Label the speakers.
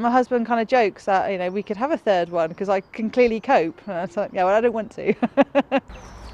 Speaker 1: my husband kind of jokes that you know we could have a third one because I can clearly cope. And I was like, yeah, well, I don't want to.